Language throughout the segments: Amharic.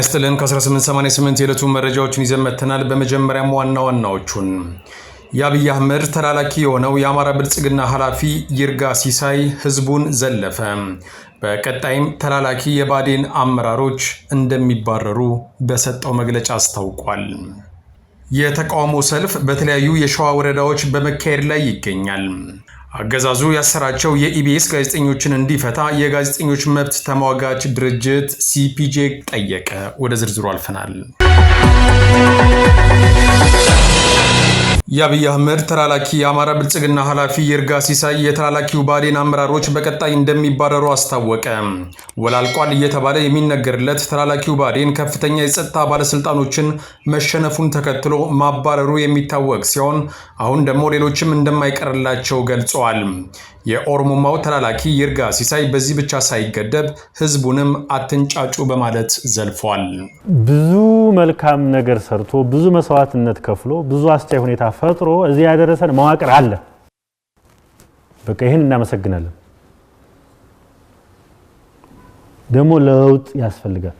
ይስጥልን ከ1888 የዕለቱ መረጃዎችን ይዘን መጥተናል። በመጀመሪያም ዋና ዋናዎቹን የአብይ አህመድ ተላላኪ የሆነው የአማራ ብልጽግና ኃላፊ ይርጋ ሲሳይ ህዝቡን ዘለፈ። በቀጣይም ተላላኪ የባዴን አመራሮች እንደሚባረሩ በሰጠው መግለጫ አስታውቋል። የተቃውሞ ሰልፍ በተለያዩ የሸዋ ወረዳዎች በመካሄድ ላይ ይገኛል። አገዛዙ ያሰራቸው የኢቢኤስ ጋዜጠኞችን እንዲፈታ የጋዜጠኞች መብት ተሟጋች ድርጅት ሲፒጄ ጠየቀ። ወደ ዝርዝሩ አልፈናል። የአብይ አህመድ ተላላኪ የአማራ ብልጽግና ኃላፊ ይርጋ ሲሳይ የተላላኪው ብአዴን አመራሮች በቀጣይ እንደሚባረሩ አስታወቀ። ወላልቋል እየተባለ የሚነገርለት ተላላኪው ብአዴን ከፍተኛ የጸጥታ ባለስልጣኖችን መሸነፉን ተከትሎ ማባረሩ የሚታወቅ ሲሆን አሁን ደግሞ ሌሎችም እንደማይቀርላቸው ገልጸዋል። የኦሮሞማው ተላላኪ ይርጋ ሲሳይ በዚህ ብቻ ሳይገደብ ህዝቡንም አትንጫጩ በማለት ዘልፏል። ብዙ መልካም ነገር ሰርቶ ብዙ መስዋዕትነት ከፍሎ ብዙ አስቻይ ሁኔታ ፈጥሮ እዚህ ያደረሰን መዋቅር አለ። በቃ ይህን እናመሰግናለን። ደግሞ ለውጥ ያስፈልጋል።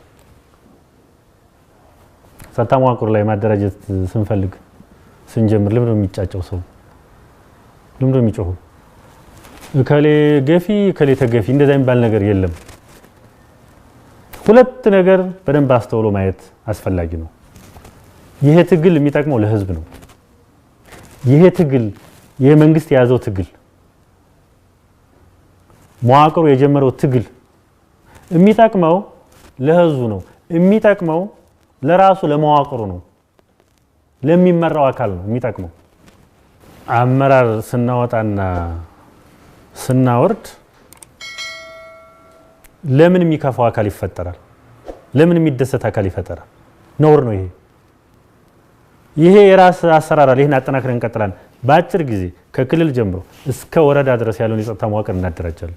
ጸጥታ መዋቅሩ ላይ ማደራጀት ስንፈልግ ስንጀምር ልምዶ የሚጫጨው ሰው ልምዶ የሚጮኸው እከሌ ገፊ እከሌ ተገፊ እንደዛ የሚባል ነገር የለም። ሁለት ነገር በደንብ አስተውሎ ማየት አስፈላጊ ነው። ይሄ ትግል የሚጠቅመው ለህዝብ ነው። ይሄ ትግል ይሄ መንግስት የያዘው ትግል መዋቅሩ የጀመረው ትግል የሚጠቅመው ለህዝቡ ነው። የሚጠቅመው ለራሱ ለመዋቅሩ ነው፣ ለሚመራው አካል ነው የሚጠቅመው። አመራር ስናወጣና ስናወርድ ለምን የሚከፋው አካል ይፈጠራል? ለምን የሚደሰት አካል ይፈጠራል? ነውር ነው ይሄ። ይሄ የራስ አሰራራል። ይህን አጠናክረን እንቀጥላለን። በአጭር ጊዜ ከክልል ጀምሮ እስከ ወረዳ ድረስ ያለውን የጸጥታ መዋቅር እናደራጃለን።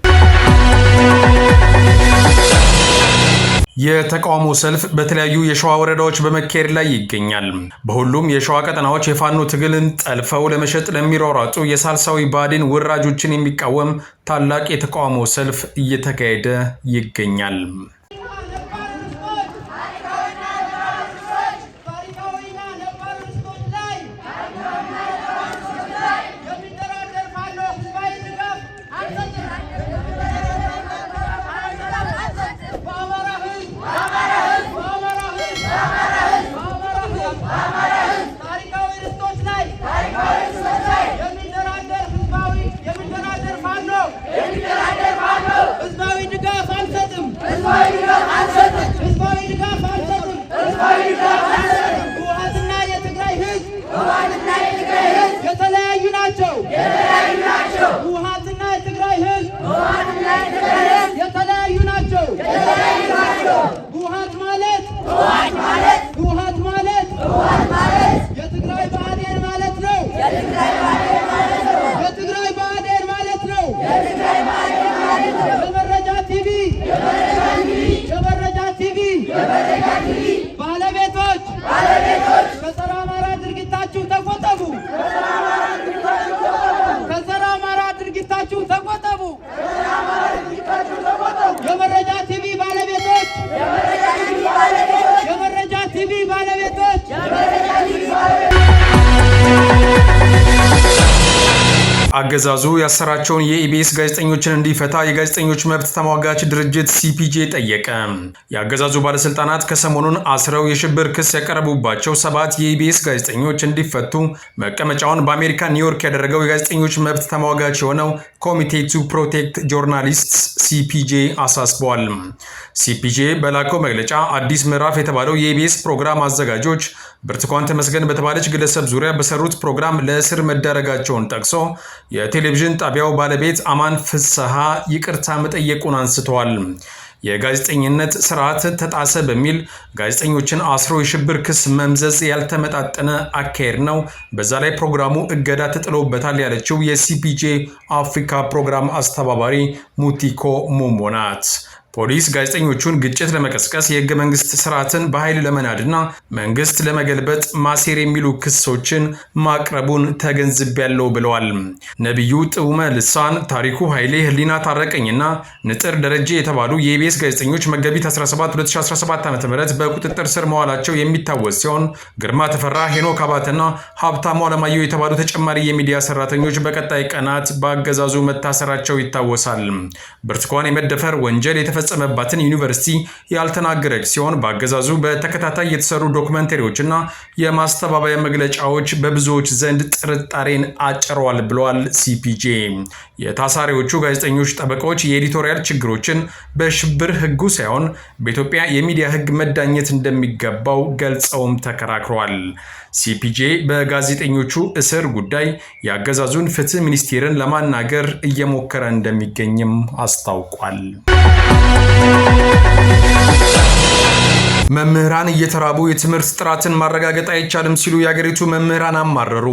የተቃውሞ ሰልፍ በተለያዩ የሸዋ ወረዳዎች በመካሄድ ላይ ይገኛል። በሁሉም የሸዋ ቀጠናዎች የፋኖ ትግልን ጠልፈው ለመሸጥ ለሚሯሯጡ የሳልሳዊ ብአዴን ወራጆችን የሚቃወም ታላቅ የተቃውሞ ሰልፍ እየተካሄደ ይገኛል። ህወሓትና የትግራይ ህዝብ የተለያዩ ናቸው የተለያዩ ናቸው። ህወሓትና የትግራይ ህዝብ ህወሓትና የትግራይ ህዝብ የተለያዩ ናቸው የተለያዩ ናቸው። ህወሓት ማለት ህወሓት ማለት አገዛዙ ያሰራቸውን የኢቢኤስ ጋዜጠኞችን እንዲፈታ የጋዜጠኞች መብት ተሟጋች ድርጅት ሲፒጄ ጠየቀ። የአገዛዙ ባለስልጣናት ከሰሞኑን አስረው የሽብር ክስ ያቀረቡባቸው ሰባት የኢቢኤስ ጋዜጠኞች እንዲፈቱ መቀመጫውን በአሜሪካ ኒውዮርክ ያደረገው የጋዜጠኞች መብት ተሟጋች የሆነው ኮሚቴ ቱ ፕሮቴክት ጆርናሊስትስ ሲፒጄ አሳስበዋል። ሲፒጄ በላከው መግለጫ አዲስ ምዕራፍ የተባለው የኢቢኤስ ፕሮግራም አዘጋጆች ብርቱካን ተመስገን በተባለች ግለሰብ ዙሪያ በሰሩት ፕሮግራም ለእስር መዳረጋቸውን ጠቅሶ የቴሌቪዥን ጣቢያው ባለቤት አማን ፍስሐ ይቅርታ መጠየቁን አንስተዋል። የጋዜጠኝነት ስርዓት ተጣሰ በሚል ጋዜጠኞችን አስሮ የሽብር ክስ መምዘዝ ያልተመጣጠነ አካሄድ ነው፣ በዛ ላይ ፕሮግራሙ እገዳ ተጥሎበታል ያለችው የሲፒጄ አፍሪካ ፕሮግራም አስተባባሪ ሙቲኮ ሙሞ ናት። ፖሊስ ጋዜጠኞቹን ግጭት ለመቀስቀስ የህገ መንግስት ስርዓትን በኃይል ለመናድና መንግስት ለመገልበጥ ማሴር የሚሉ ክሶችን ማቅረቡን ተገንዝቤያለሁ ብለዋል። ነቢዩ ጥዑመ ልሳን፣ ታሪኩ ኃይሌ፣ ህሊና ታረቀኝና ንጥር ደረጀ የተባሉ የኢቢኤስ ጋዜጠኞች መጋቢት 17 2017 ዓ.ም በቁጥጥር ስር መዋላቸው የሚታወስ ሲሆን ግርማ ተፈራ፣ ሄኖክ አባትና ሀብታሙ አለማየሁ የተባሉ ተጨማሪ የሚዲያ ሰራተኞች በቀጣይ ቀናት በአገዛዙ መታሰራቸው ይታወሳል። ብርቱካን የመደፈር ወንጀል የተፈ የተፈጸመባትን ዩኒቨርሲቲ ያልተናገረች ሲሆን በአገዛዙ በተከታታይ የተሰሩ ና የማስተባበያ መግለጫዎች በብዙዎች ዘንድ ጥርጣሬን አጭረዋል ብለዋል ሲፒጄ። የታሳሪዎቹ ጋዜጠኞች ጠበቃዎች የኤዲቶሪያል ችግሮችን በሽብር ህጉ ሳይሆን በኢትዮጵያ የሚዲያ ህግ መዳኘት እንደሚገባው ገልጸውም ተከራክረዋል። ሲፒጄ በጋዜጠኞቹ እስር ጉዳይ የአገዛዙን ፍትህ ሚኒስቴርን ለማናገር እየሞከረ እንደሚገኝም አስታውቋል። መምህራን እየተራቡ የትምህርት ጥራትን ማረጋገጥ አይቻልም ሲሉ የአገሪቱ መምህራን አማረሩ።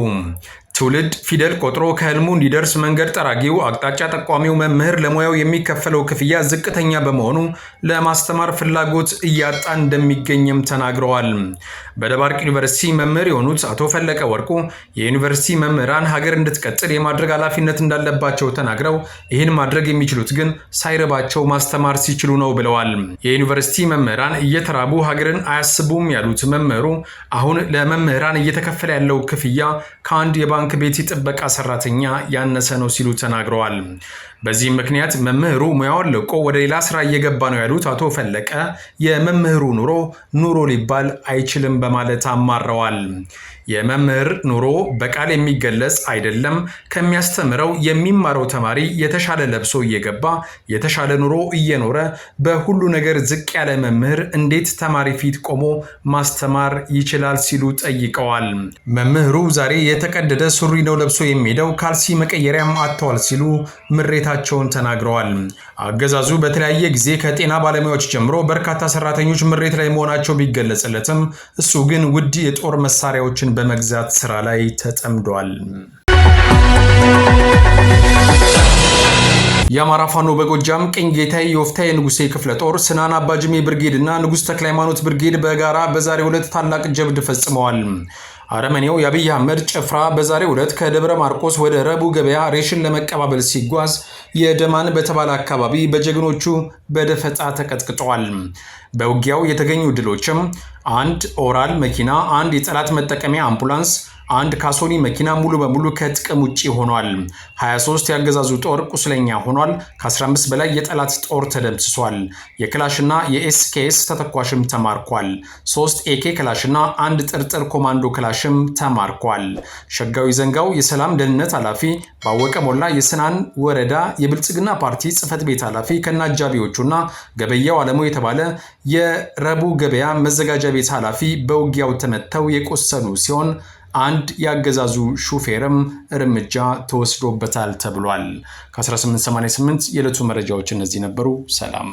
ትውልድ ፊደል ቆጥሮ ከህልሙ እንዲደርስ መንገድ ጠራጊው አቅጣጫ ጠቋሚው መምህር ለሙያው የሚከፈለው ክፍያ ዝቅተኛ በመሆኑ ለማስተማር ፍላጎት እያጣ እንደሚገኝም ተናግረዋል። በደባርቅ ዩኒቨርሲቲ መምህር የሆኑት አቶ ፈለቀ ወርቁ የዩኒቨርሲቲ መምህራን ሀገር እንድትቀጥል የማድረግ ኃላፊነት እንዳለባቸው ተናግረው ይህን ማድረግ የሚችሉት ግን ሳይረባቸው ማስተማር ሲችሉ ነው ብለዋል። የዩኒቨርሲቲ መምህራን እየተራቡ ሀገርን አያስቡም ያሉት መምህሩ አሁን ለመምህራን እየተከፈለ ያለው ክፍያ ከአንድ የባንክ ባንክ ቤት የጥበቃ ሰራተኛ ያነሰ ነው ሲሉ ተናግረዋል። በዚህም ምክንያት መምህሩ ሙያውን ለቆ ወደ ሌላ ስራ እየገባ ነው ያሉት አቶ ፈለቀ የመምህሩ ኑሮ ኑሮ ሊባል አይችልም በማለት አማረዋል። የመምህር ኑሮ በቃል የሚገለጽ አይደለም። ከሚያስተምረው የሚማረው ተማሪ የተሻለ ለብሶ እየገባ የተሻለ ኑሮ እየኖረ በሁሉ ነገር ዝቅ ያለ መምህር እንዴት ተማሪ ፊት ቆሞ ማስተማር ይችላል ሲሉ ጠይቀዋል። መምህሩ ዛሬ የተቀደደ ሱሪ ነው ለብሶ የሚሄደው፣ ካልሲ መቀየሪያም አጥተዋል ሲሉ ምሬት ቅሬታቸውን ተናግረዋል። አገዛዙ በተለያየ ጊዜ ከጤና ባለሙያዎች ጀምሮ በርካታ ሰራተኞች ምሬት ላይ መሆናቸው ቢገለጽለትም እሱ ግን ውድ የጦር መሳሪያዎችን በመግዛት ስራ ላይ ተጠምዷል። የአማራ ፋኖ በጎጃም ቀኝ ጌታ የወፍታ የንጉሴ ክፍለ ጦር ስናን አባጅሜ ብርጌድ እና ንጉሥ ተክለ ሃይማኖት ብርጌድ በጋራ በዛሬው ዕለት ታላቅ ጀብድ ፈጽመዋል። አረመኔው የአብይ አህመድ ጭፍራ በዛሬው ዕለት ከደብረ ማርቆስ ወደ ረቡ ገበያ ሬሽን ለመቀባበል ሲጓዝ የደማን በተባለ አካባቢ በጀግኖቹ በደፈጣ ተቀጥቅጠዋል። በውጊያው የተገኙ ድሎችም አንድ ኦራል መኪና፣ አንድ የጠላት መጠቀሚያ አምቡላንስ፣ አንድ ካሶኒ መኪና ሙሉ በሙሉ ከጥቅም ውጭ ሆኗል። 23 ያገዛዙ ጦር ቁስለኛ ሆኗል። ከ15 በላይ የጠላት ጦር ተደምስሷል። የክላሽና የኤስኬኤስ ተተኳሽም ተማርኳል። ሶስት ኤኬ ክላሽና አንድ ጥርጥር ኮማንዶ ክላሽም ተማርኳል። ሸጋዊ ዘንጋው የሰላም ደህንነት ኃላፊ፣ ባወቀ ሞላ የስናን ወረዳ የብልጽግና ፓርቲ ጽህፈት ቤት ኃላፊ ና ገበያው አለሙ የተባለ የረቡ ገበያ መዘጋጃ ቤት ኃላፊ በውጊያው ተመተው የቆሰሉ ሲሆን አንድ የአገዛዙ ሹፌርም እርምጃ ተወስዶበታል ተብሏል። ከ1888 የዕለቱ መረጃዎች እነዚህ ነበሩ። ሰላም